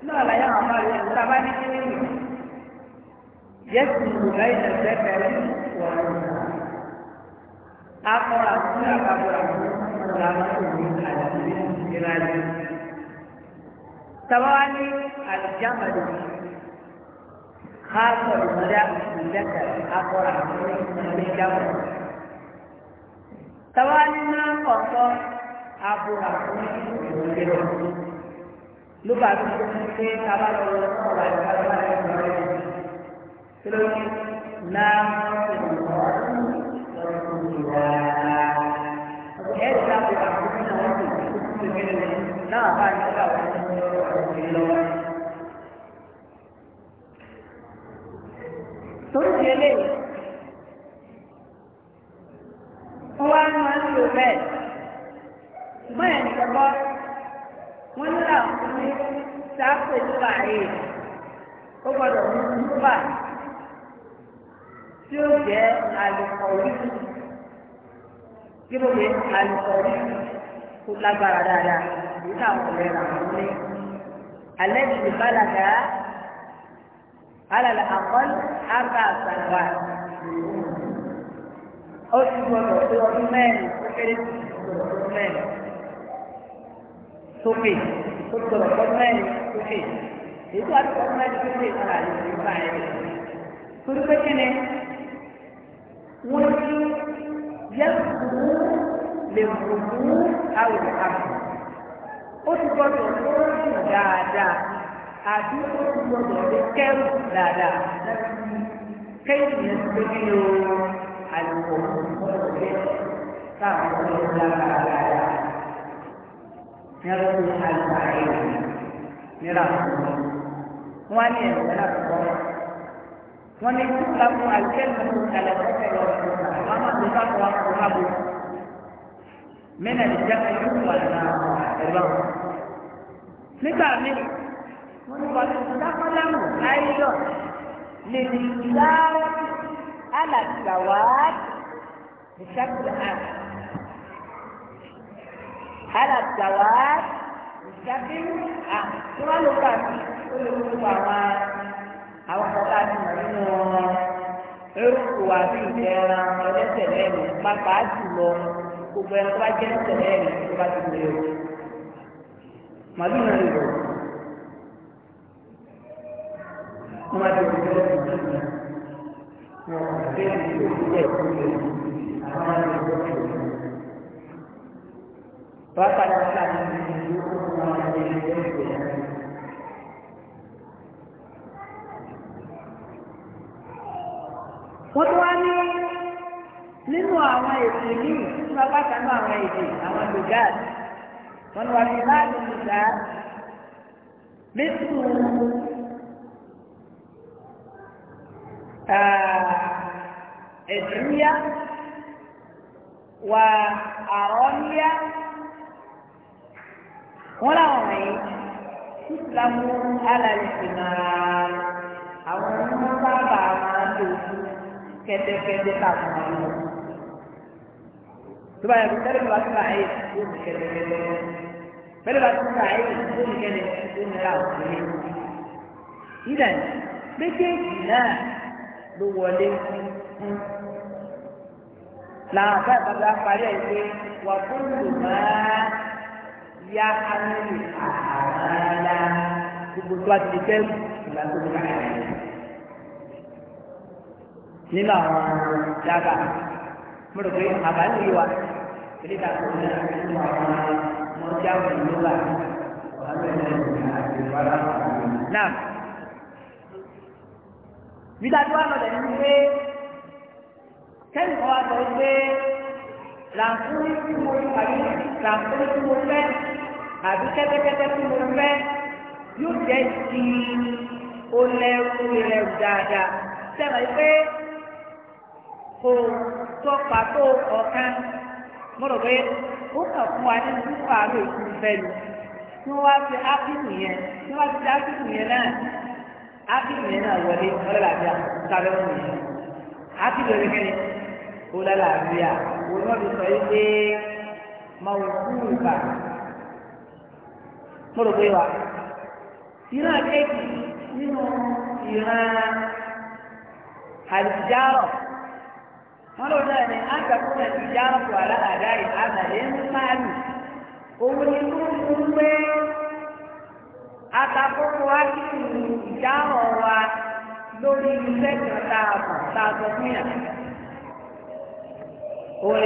náà láyé àwọn ọmọ rẹ̀ tabali nínú yẹ́sùn ìgbà ìdàgbẹ́kẹ̀ẹ́ Akora fún àkàbọ̀rà fún àwọn òní àti ìrìnàjò. Tabawa ní àlìjámàdì káàkọ̀ ìmọ̀dá ìlẹ́kẹ̀ akọ̀rà fún ìrìnàjò. Tabawa ní náà kọ̀ọ̀kọ́ àbúrà fún ìrìnàjò. Ló bá tó ṣe pé kábàlọ́ ọ̀rọ̀ àti kábàlọ́ ọ̀rọ̀ rẹ̀. Kí ló ń wọ́n tí ó jẹ́ alùpọ̀lù kí ló lè alùpọ̀lù kó lágbára dáadáa èyí táwọn ọ̀rẹ́ rà wọ́n lé alẹ́ ti balaga alàlẹ́ àkọ́lù àbá àtàwà ó ti gbọdọ̀ tó ọdún mẹ́rin ó kéré tó ọdún mẹ́rin sókè ó gbọdọ̀ tó ọdún mẹ́rin sókè èyí tó ọdún mẹ́rin sókè ara yìí ní báyìí torí pé kí ni wọ́n ní yẹ́kùrú lè kùrú àwòrán àbò. ó ti gbọ́dọ̀ tó rìn dáadáa àbí ó ti gbọ́dọ̀ lè kẹ́rù dáadáa kéyìn yẹn ti gbé kí o àlùkò ọ̀rọ̀ yẹn táwọn ọ̀rọ̀ yẹn lára dáadáa. Nyɛrɛ ko alu ayi nira ko wani yɛrɛ la ko. wọ́n ní kúkà fún àjẹ́lẹ̀ fún ẹlẹ́dẹ́gbẹ̀ lọ wọ́n máa ń bá wọn kó wá bò mẹ́nà lè jẹ́ ẹ̀yọ́ wà ní ẹ̀rọ. nígbà mi wọ́n ní wọ́n ti dákọ́lámù ayélujára lè ní ìdáwọ́ alàgbàwá ìṣàkùnrin àgbà. على الزواج مستقيم أحسن لغة كل مباراة àwọn kọ́tà ti mọ̀ nínú eruku àti ìjẹra ẹlẹ́sẹ̀ lẹ́nu pápá jùlọ gbogbo ẹni tó bá jẹ́ ẹlẹ́sẹ̀ lẹ́nu tó bá ti lè o. màdù lè lò wọ́n ti wọ́n lọ́wọ́ fún mi. wọ́n ti wọ́n lọ́wọ́ fún mi. àwọn máa ti wọ́n lọ́wọ́ fún mi. wọ́n á padà wọ́n ní ìlú kókó wọn àti ìlú kókó wọn. nínú àwọn èdè yìí nínú abákanú àwọn èdè àwọn lugard wọn wà ní láàbù lùgà mẹsùn ẹdùnúyà wà àrọ́níyà wọn làwọn wọ̀nyí ìsìlámù alàlùfẹ́ náà àwọn ọmọ bàbá máa ń lò kede tàbí wọn تبقى يتكلم بعد كده عيب يقول كده فلو بعد كده عيب يقول كده يقول لا إذا بكيت لا لولي لا تقدر عليه وكل ما يحمل أعمالا بقوة الكلب لا تقدر عليه nínú àwọn dábàá mo rò pé àbá ń lè wa ilé ìdájọ́ ní àkókò àwọn mọ́jáwé lóla náà bídájú wa lọ́dẹ̀ ní pé kẹ́yìn kan wá sọ pé làǹfààní tí mo rí pàdé làǹfààní tí mo fẹ́ àbí kẹ́tẹ́kẹ́tẹ́ tí mo fẹ́ yóò jẹ́ ti olẹ́rú ìrẹ̀rù dáadáa sẹ́wọ̀n pé kò tó pàtó ọ̀kan mo rò pé ó kàn fún wa ní nípa àlọ ìsinmi bẹ́ẹ̀ tí wọ́n wá fi ápìlù yẹn tí wọ́n wá fi ápìlù yẹn náà ápìlù yẹn náà wọlé ọlọ́làbíà sábẹ́ wọn yẹn ápìlù yẹn kẹ́ni ọlọ́làbíà wọn náà sọ yìí pé máa wọ kúrò bá mo rò pé wa ìran kéèkì nínú ìran àlùjáàrọ̀. wọn lò náà ní àgbàkúnà ìjáàbù aláàdáyé àgbàdé ń pààlù òun ni kó mú pé atakókò akíkù ìjáàbù wa lórí iṣẹ́ kan tá a mọ̀ tá a sọ fún òun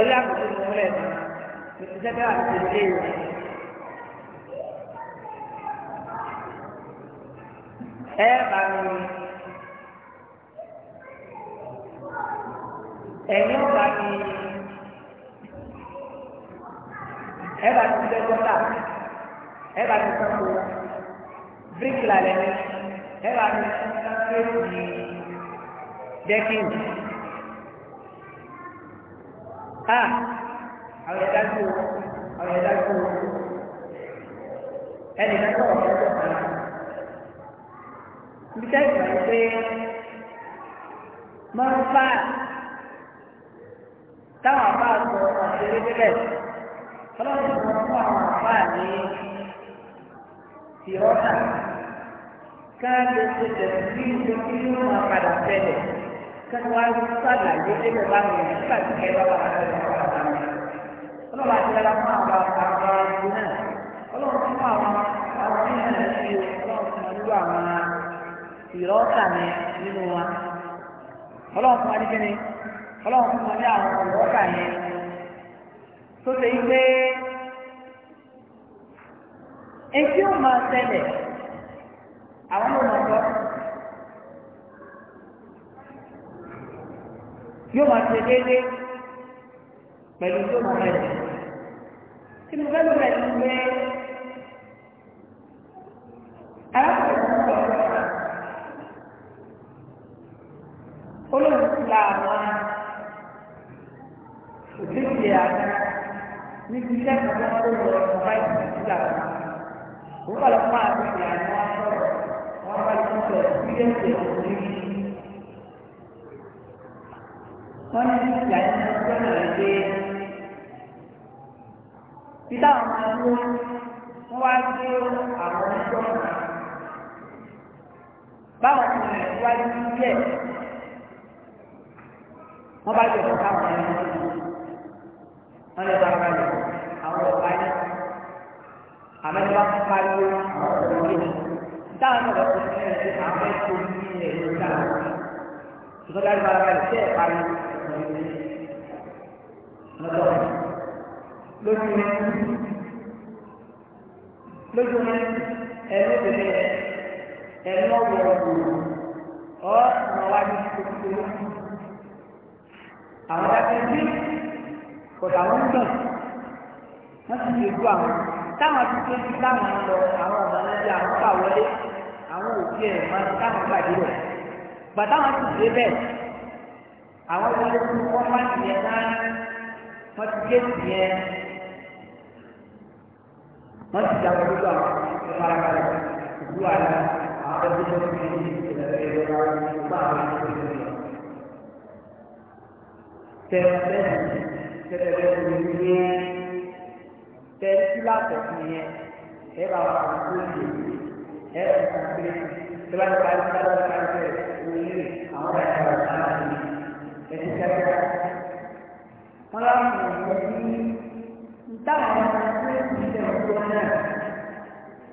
ẹ̀yìn ọ̀gá ni ẹ bá ti bẹ́ gọ́tà ẹ bá ti sanwó bíríkìlà lẹ́nu ẹ bá ti sanwó ní dẹ́kìn. a àwọn ẹ̀dá tó àwọn ẹ̀dá tó ẹnì kan sọ̀rọ̀ ọ̀rọ̀ tó kàn án. níbi táyì kan pé máa ń fà táwọn àbá sọ ọ̀sẹ̀ délẹ̀ ọlọ́run sọ fún àwọn àbá ní tìrọ́nà káàdì ṣe tẹ̀lé bí ìṣe kí ló máa padà tẹ̀lẹ̀ kẹ́kọ̀ọ́ á sàlàyé débẹ̀ bá mi nígbà tí kẹ́ bá wà lọ́wọ́ àwọn àbá mi. ọlọ́run àti ẹ̀rọ fún àwọn àbá mi náà ọlọ́run fún àwọn àwọn mi náà ṣe ọlọ́run fún irú àwọn tìrọ́nà mi nínú wa ọlọ́run fún wa ní ọlọ́run fún wọn ní àwọn ọ̀rọ̀ọ́kà yẹn tó ṣe yí pé etí ò máa ṣẹlẹ̀ àwọn ló máa gbọ́ yóò máa ṣe déédéé pẹ̀lú tó máa rẹ̀ kí ni fẹ́ẹ́ lóore ti pé arákùnrin kan sọ̀rọ̀ olóòtú la àwọn ṣe àná níbi iṣẹ́ kan tó wọ́n lò lọ́wọ́ bá ìgbà wọn. Òun kọ̀ lọ fún àbíkì àná wọn sọ̀rọ̀ wọn bá ti sọ ìdílé ṣe òun ní. Wọ́n ní bí ìgbà yẹn ló gbọ́dọ̀ rẹ̀ dé. Títà wọn máa ń wọ́n wọ́n wá sí àwọn oníṣọ́ náà. Báwọn ti rìn wáyé ní díẹ̀. Wọ́n bá jẹ̀ fún káwọn ẹni wọ́n lè bá kalẹ̀ àwọn ọ̀gá yẹn àmẹ́lẹ́bá pariwo àwọn ọ̀gá yẹn dáhùn náà lọ́kọ̀ sí ẹ̀ ṣe àwọn ẹ̀kọ́ ní ẹ̀ ló dá ṣùgbọ́n láti bá kalẹ̀ sí ẹ̀ pariwo lọ́dọ̀ lójú rẹ̀ lójú rẹ̀ ẹ̀ ló tẹ̀lé ẹ̀ lọ́wọ́ ọ̀gbọ̀n ọ̀ ọ̀nà wájú tó kúrò àwọn akẹ́kẹ́ bọ̀dà wọn ń gbọ̀n wọ́n sì ṣe gbọ́ àwọn táwọn ti ṣe ti lọ àwọn ọ̀nà níbi àwọn gbà wọlé àwọn òbí ẹ̀ máa ń táwọn gbàdé rẹ̀ gbàdá wọn sì ṣe bẹ́ẹ̀ àwọn wọlé fún wọn bá nìyẹn náà wọ́n ti gé nìyẹn wọ́n ti dá wọn lójú àwọn ìfarabalẹ̀ ìlú àlá àwọn ọdún tó ti ṣe ìṣẹ̀lẹ̀ ìrora ìgbà àwọn ìṣẹ̀lẹ̀ tẹ̀ ọ́ bẹ́ẹ̀ tẹ́lẹ̀ bẹ́ẹ̀ ló ní ní tẹ́lẹ̀ tí látọ̀ fún yẹn ẹ bá wà ní kóòtù ẹ ẹ kò kàn pé tí wọ́n ti ká ní ká ní ká ní bẹ́ẹ̀ wọ́n yé àwọn ọ̀rẹ́ ẹ̀ wọ́n ti ká ní ẹ ti tẹ́lẹ̀ ká. wọ́n lọ sí ìwé ní ìtàwọn ọmọ tó ń bí ilẹ̀ ọ̀dọ́ náà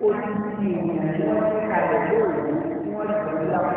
ó ti di ìrìn àjò wọn ti kalẹ̀ lóòrùn tí wọ́n ti pẹ̀lú láwọn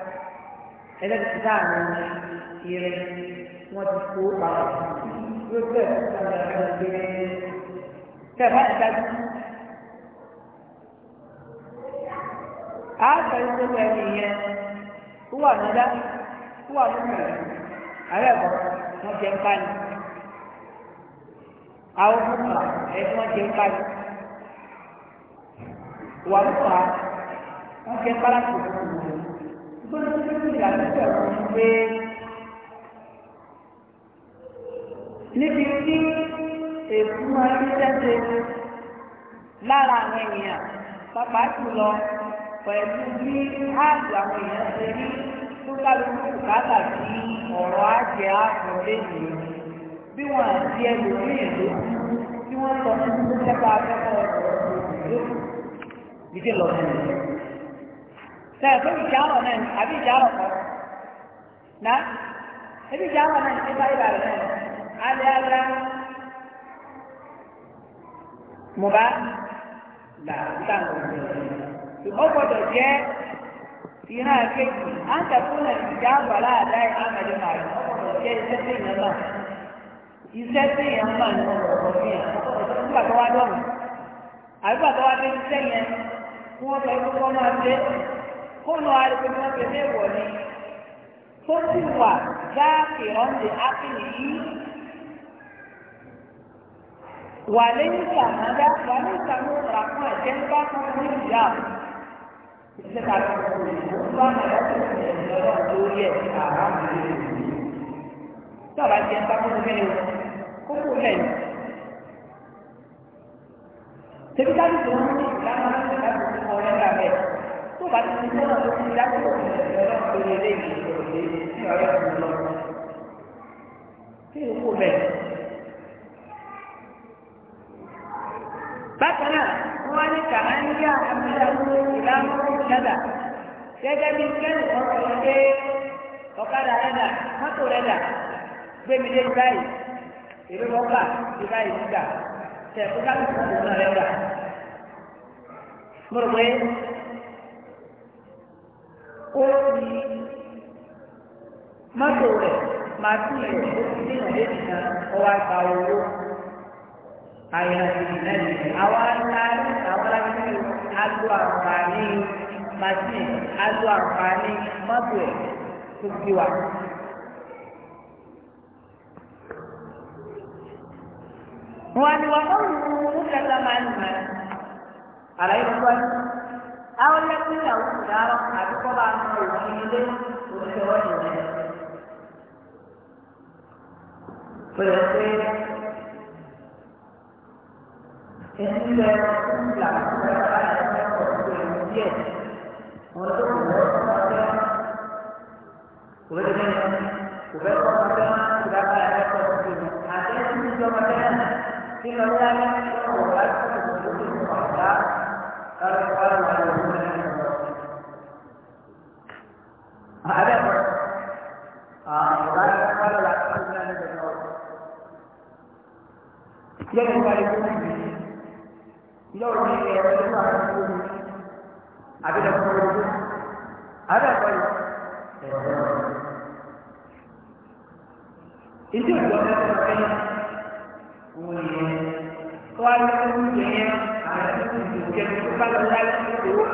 ẹlẹ́dìtì láàrin irin wọ́n ti kó papọ̀ yóò tẹ̀ ọ̀rọ̀ ẹ̀rọ gbé tẹ̀ bá ti dájú. àgbà ìṣòro ẹni yẹn wúwà nígbà wúwà nínú rẹ̀ àárẹ̀ bọ̀ wọ́n jẹ́ ńká ni àwọn fúnpa ẹ̀ wọ́n jẹ́ ńká ni wà fúnpa wọ́n jẹ́ ńká láti ìlú ìlú tó ń tún ní ìdàgbàsókè ọ̀rọ̀ ni pé níbi tí èkú máa ń tẹ́tẹ́ lára àwọn ènìyàn pàápàá jùlọ pẹ̀lú bí áàbù àwọn èèyàn ṣe rí tó kálukú bùkátà sí ọ̀rọ̀ ajẹ́ ààbò lẹ́yìn bí wọ́n àti ẹlòmíì lókù tí wọ́n sọ fún un tó ọ̀rọ̀ lókù nídìí náà fún ìjárọ̀ náà ni àbí ìjárọ̀ kọ́ na ebi ìjárọ̀ náà ni ìbá ìbá rẹ̀ náà alẹ́ alẹ́ mo bá là nígbà tó ń bọ̀ gbọ́dọ̀ jẹ́ ìran àkejì à ń tẹ̀kún náà ìjárọ̀ aláàdá àmàlẹ́ màrí ọ̀pọ̀ jẹ́ iṣẹ́ sí ìyẹn náà iṣẹ́ sí ìyẹn náà ni ọ̀pọ̀ fi hàn nígbà tó wá dọ̀rùn àbí pàtó wá dé iṣẹ́ yẹn wọ́n sọ ikú kọ́ máa dé. kó que ariwo que wọ́n fi lé wọ̀ ni tó sì wà gáàkì ọ̀nì ápìlì yìí wà chamada, sàmọ́dá wà lẹ́yìn sàmọ́dá fún ẹ̀jẹ̀ ń bá fún ní ìyá O kàtó ìlú bá màá tó ti ẹ̀jẹ̀ lọ́wọ́ lórí ẹ̀ àrà você tí ọ̀rọ̀ o ń bá que Você lé wọn o kó lẹ́yìn. Tẹ̀síkàlì tó ń mú ìlànà láti láti fún ọ̀rẹ́ tó bá ti ti sọ́nà tó ti dájú ọ̀rọ̀ tó lè lé ìgbòho sí ọ̀rọ̀ tó lọ. Kí ni kò bẹ̀rẹ̀? Bákan náà, wọ́n wá ní kàrá ń yá àmìlá ló ìlànà ìjádà. Gẹ́gẹ́ bí kẹ́lù kan sọ pé ọ̀kadà rẹ̀dà, mọ́tò rẹ̀dà, gbẹ̀mí lé báyìí, èrè rọ́bà ti báyìí nígbà, tẹ̀ fún káàkiri ọ̀dọ́ náà rẹ̀dà. Mo rò pé ó fi mọ́tò rẹ̀ máa ndị rẹ̀ ó fi dènà lẹ́yìn náà na àgbà owó àyàfi na àwọn aláàrí àwọn aláàrí agbó àǹfààní màsíìn agbó àǹfààní mọ́tò ẹ̀ tó fi wà. wọ́n á àwọn ilé tí ìyàwó kù dárọ́ àbí kọ́ bá ń sọ ìwọ̀n ilé òṣèlú ọ̀dọ̀ rẹ̀. Bẹ̀rẹ̀ pé ẹni lẹ ń gbà pé báyìí ẹ kọ̀ sí ẹ̀mí díẹ̀ wọ́n tó kù wọ́n tó kọ́ sí ẹ̀mí. Kò lè dé ẹ̀mí kò fẹ́ kọ́ sí ẹ̀mí kò dá báyìí ẹ kọ̀ sí ẹ̀mí. Àti ẹ̀sìn ìjọba bẹ́ẹ̀ ni ìlọ́wọ́ ẹ̀mí ọ̀rọ̀ láti ṣe ìṣòro ìṣòro ọ̀gá. Yang paling penting, yang ini yang itu ada pun, ìjẹ̀bù tó bá lọ lálẹ́ ìṣòro.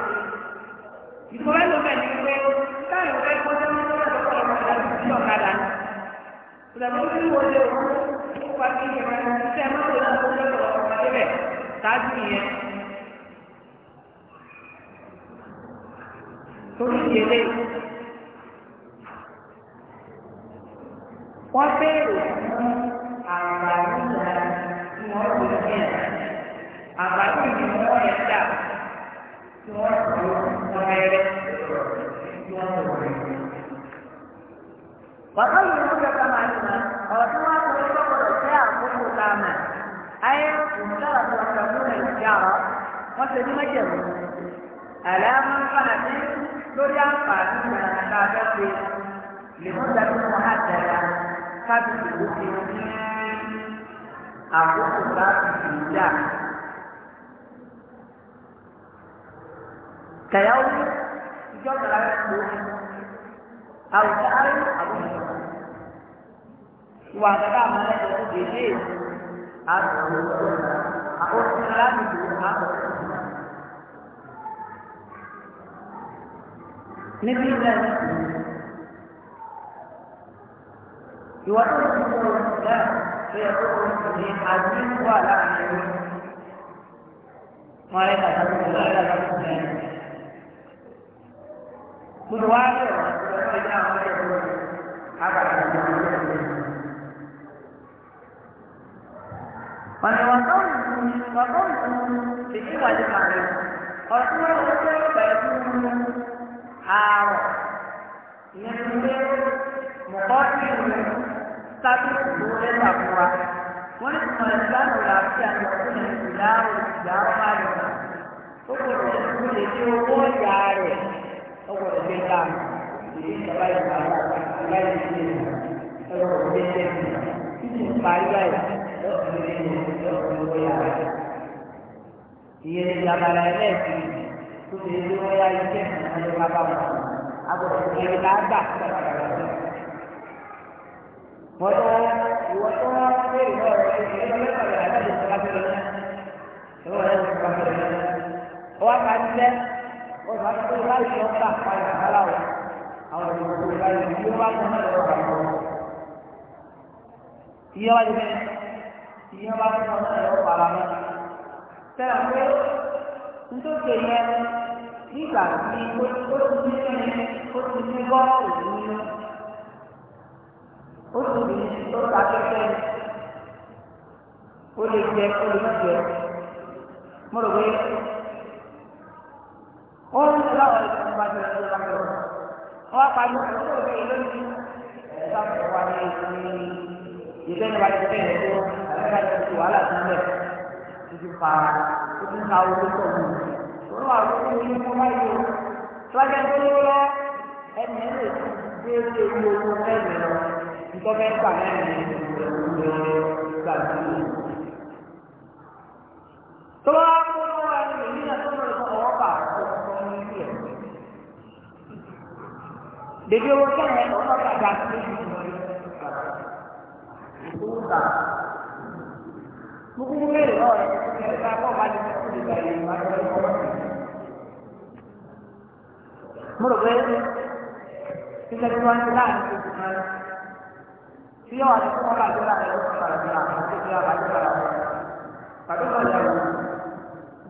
ìfọwọ́ ló bẹ̀ ní pé táyọ̀ fẹ́ kó sẹ́wọ́n tó lọ́dọ̀ pọ̀ lọ́dọ̀ sí ọ̀kadà. ìdàgbọ́ tó ń wọlé òun ó pa kí ìjẹ̀bù iṣẹ́ mọ́tò náà tó lọ́dọ̀ ọ̀kadà bẹ̀ ṣáájú ìyẹn. torí ìyẹlẹ́yìn ṣe ní mẹ́jẹ̀mú àlàáfà fàdé lórí àǹfààní ìlànà tá a fẹ́ ṣe lè mú ìdájọ́ wọn á dára kábíyèsí ló fi ní àkókò bá fi dà. kàyáwó ìjọba rẹ̀ kú àwùjọ àrùn àbúrò ìwà àgbàdo àmọ́ ẹ̀jẹ̀ tó dé dé àbúrò àkókò láti dùn àbúrò. نبي الله يوحده الله فيقول به عزيز ولا عزيز ما يتحدث إلا لك كل واحد وأنا وظنت وظنت في إيوة المعرفة قالوا له ààrọ̀ ìyẹn ti pé mọ̀kọ́sí rẹ̀ sábẹ́ ìlú lẹ́tà fún wa wọ́n ní sọ̀rọ̀ ìgbàlù làásìá ní ọdún yẹn ìdáhùn ìdáhùn máa lò náà ó kò tó ìlú lè dé owó ìyá rẹ̀ ọwọ́ ẹgbẹ́ dáàmú ìdí ìjọba ìgbà ìgbà ìdílé ẹ̀rọ ìgbẹ́ tẹ̀sí títí parí báyìí lọ́sọ̀rọ̀ ìgbẹ́ ìgbẹ́ ìgbẹ́ ìgbẹ́ ìyẹn ìjàmbá ẹlẹ́ẹ̀kejì tó ti lé wọ́n yá iṣẹ́ ìrìnàjò bá bá wọn agbọ̀dọ̀ tó lè la gbà wọ́n tó ìwọ́n tó wọ́n béèrè náà rẹ̀ ṣe é lọ́wọ́ ìgbàlódé àti ìgbàlódé àti ìgbàlódé ìwọ́n rẹ̀ ṣe ìgbàlódé wọ́n bá ti lẹ́ wọ́n bá ti tó láì lọ́ gbà padà rárá o àwọn ìwọ́n tó láì lọ́ bí wọ́n bá tó náà lọ́wọ́ àwọn ọmọ ìyẹn wá ti fẹ́ ìyẹn bá tó náà lọ́wọ́ àwọn ọmọ nítorí yẹ nígbà tí ó ti ní ẹni ó ti ní bọ́ọ̀lù nínú ó ti ní tó ta kẹ́kẹ́ ó lè jẹ ó lè jẹ mo rò pé ó ń lọ ọ̀rọ̀ ìfọ̀nba tó ń lọ lọ wọ́n á parí ọ̀rọ̀ tó ń lọ sí ẹ̀ka ọ̀rọ̀ wa ní ìgbẹ́ni wa ti bẹ̀rẹ̀ tó àbẹ́ká ti wàhálà sílẹ̀ títí pa ara ó ti owó tó wù ú wọn wà lórí mi kó má yẹ tọ́jà tó yẹ ẹni ẹ lè dé ilé ìwé owó fẹ́ẹ̀mì lọ nígbà fẹ́ẹ́ gbà náà ní ìwé gbà tó yẹ. tó bá kó lọ́wọ́ ẹni èyí náà tó lọ́wọ́ ọwọ́ bà ó sọ ní ilé ẹ̀. Dèbí owó kẹ́hìn ọlọ́kadà sí ìlú ìgbà tó ń ta mo kúkú bèrè náà rẹ̀ nípa kọ́ bá lè kú lè bàyè ìmọ̀ àtọ́lẹ̀ kọ́ mo rò pé títẹ́ tí wọ́n ti láàrin oṣù kan tí yóò wà ní kí bá tó láàrin oṣù kan àti àwọn tó ti wà láti padà wọ̀ pàtó kan lè wọ̀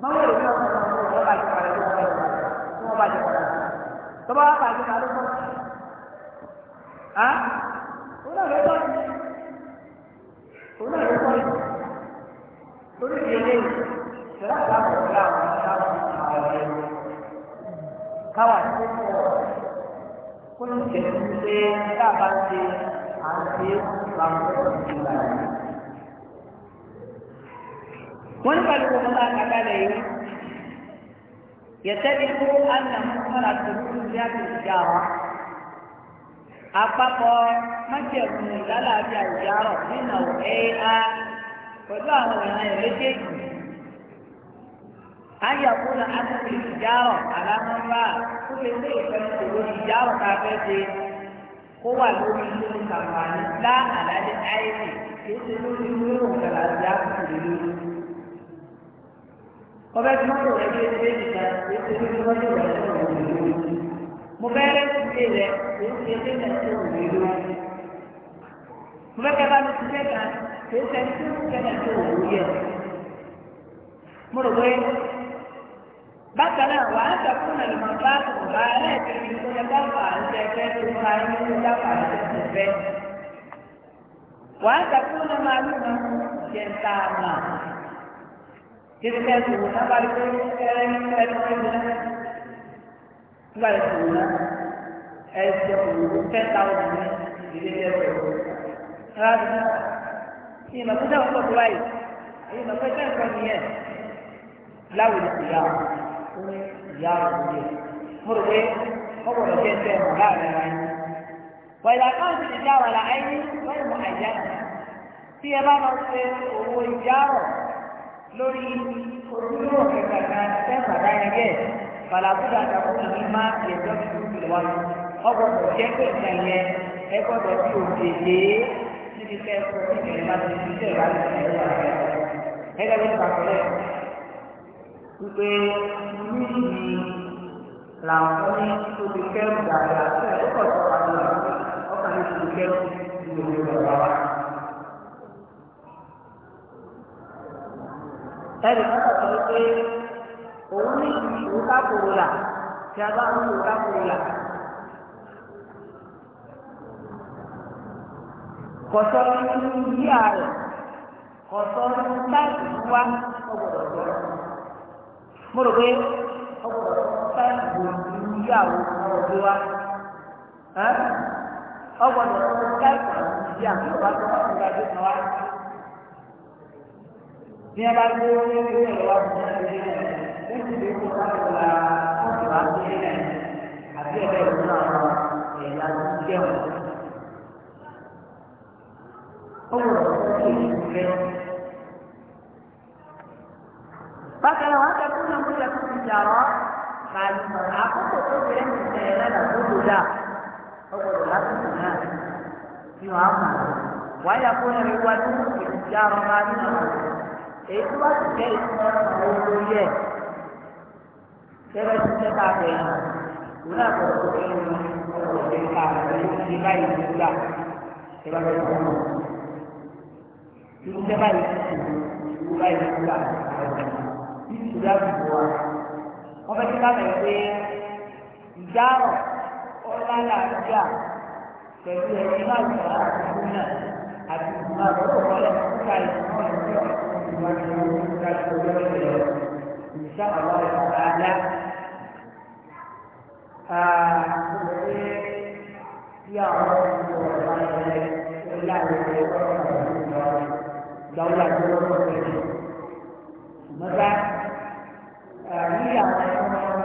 báwo lè fi ọkọ̀ kan wọ́n bá ti padà tó wọ́n bá wọ́n bá ti padà tó bá wà pàdé ká ló kọ́ torí ìdí eléyìí ìṣẹ̀lá ìdáàbò ìlà àwọn ìṣàkóso àwọn ẹ̀rọ káwá tó pọ̀ kó ní ìṣẹ̀lẹ̀ tó ṣe dábàá ṣe à ń ìgbà yìí. wọ́n ní gbogbo náà kàkálẹ̀ yìí yẹtẹ́ni kó àná mọ́tàlá tó bí a àwọn àpapọ̀ májẹ̀mú lálàáfíà ìyárọ̀ nínú ẹ̀yà pẹ̀lú àwọn ìran ẹ̀ méjèèjì ayọ̀kú na asọ̀tì ìjárọ̀ àlámọ́ra tó lè lé ìfẹ́ǹkò lórí ìjárọ̀ tá fẹ́ ṣe kó wà lórí ìlú kàwáyé lá àlàyé àìsè kí ó ṣe lórí ìlú òǹkàlà àti àkùnrin lórí. ọbẹ̀ tí wọ́n lò rẹ̀ bí ẹni kan kí ó ṣe lórí wọ́n lò rẹ̀ lórí ìlú. mo fẹ́ rẹ́ sí ilé rẹ̀ kí ó ṣe lórí ìlú gbẹ́gbẹ́ bá mi ti fẹ́ kan kì í òwò fẹ́ ta òwò ní ìdílé rárá ní ìmọ̀ fún sẹ́wọ̀n pọ̀jù báyìí èyí ìmọ̀ fún sẹ́wọ̀n pọ̀jù yẹn láwùjọ ìyá òun ìyá òun yẹn mo rò pé wọ́n gbọ́dọ̀ jẹ́ ń bẹ́ẹ̀ mọ̀ láàrin ara yín wọ̀nyí kan ti ìjà wà lá ayé wọ́n mọ̀ àyà tí ẹ bá lọ ṣe owó ìjà rọ̀ lórí ojúlówó kẹkẹ kan sẹ́ńtà dáyẹn yẹ balabuda dàbò kìí má ìjọ tuntun lọ́wọ́ ọgbọ́dọ̀ jẹ́ pé ìjà yẹn ẹ gbọ́dọ̀ ti fẹ́ sọ ní ìlú láti fi tẹ̀ láti fi tẹ̀ wá rẹ̀. Ẹgbẹ́ mi pàṣẹ wípé níbi làwọn ní tóbi kẹ́rù dàgbà tẹ̀ ó kọ̀ sọ àwọn ọ̀rọ̀ ọkàn ní tóbi kẹ́rù ní gbogbo ìgbà wa. Ẹ̀rì kọ́kọ́ sọ wípé òun ní ìwúkà kòrò là tí a bá ń wúkà kòrò là. kọ̀tọ́ nínú yíyá rẹ̀ kọ̀tọ́ nínú táìpù wá ọgbọ̀dọ̀ lọ. mo rò pé ọgbọ̀dọ̀ táìpù nínú yíyá wo ọ̀rọ̀ gbé wá. ọgbọ̀dọ̀ táìpù nínú yíyá mi wá tó wá nígbà tó kàn wá. bí a bá gbé orí ẹgbẹ́ rẹ̀ wá fún ẹgbẹ́ rẹ̀ lẹ́yìn tó kọ́ láti la ọ̀sán àti ẹ̀rẹ́ ìlú náà ẹ̀yà ló ń jẹun ọwọ́ òkè ìfẹ́. bákan náà wọn kẹ́kọ̀ọ́ náà múlẹ̀ fún ìjàrọ̀ kàlùmọ̀ àkókò tó bẹ̀rẹ̀ ní ìṣẹ̀lẹ̀ lọ́dà tó gbòdà ọwọ́ òlàkùnkùn náà ni wọ́n á mọ̀ wáyà kó lè wájú ìjàrọ̀ máa ń lọ èyí tó wá sì jẹ́ ìṣúná owó yẹ tẹ́lẹ̀ tí tẹ́ bá bẹ̀ yìí wọ́n á bọ̀ tó ẹ̀rọ ìṣẹ̀lẹ̀ káàkiri ní báyìí nígbà tẹ́lẹ̀ bá bẹ̀ yìí irú tẹ́ báyìí ti ṣòro irú báyìí ti gbà bí ìṣúra dùbò wa wọ́n fẹ́ kí lábẹ́ pé ìdárọ̀ ọ̀làlà ìjà pẹ̀lú ẹni láti wà láti fún náà àti ìgbà lọ́wọ́ wọlé nípa ìgbà ìgbà ìgbà ìgbà ìgbà ìgbà ìṣá àwọn ọ̀rọ̀ àdá. Àgbègbè tí àwọn ọ̀rọ̀ àdá yẹn ń láwùjọ ọ̀rọ̀ àdá yẹn dáwọ́lá tó lọ́wọ́ rẹ̀ Mọ́tà níyà ọmọ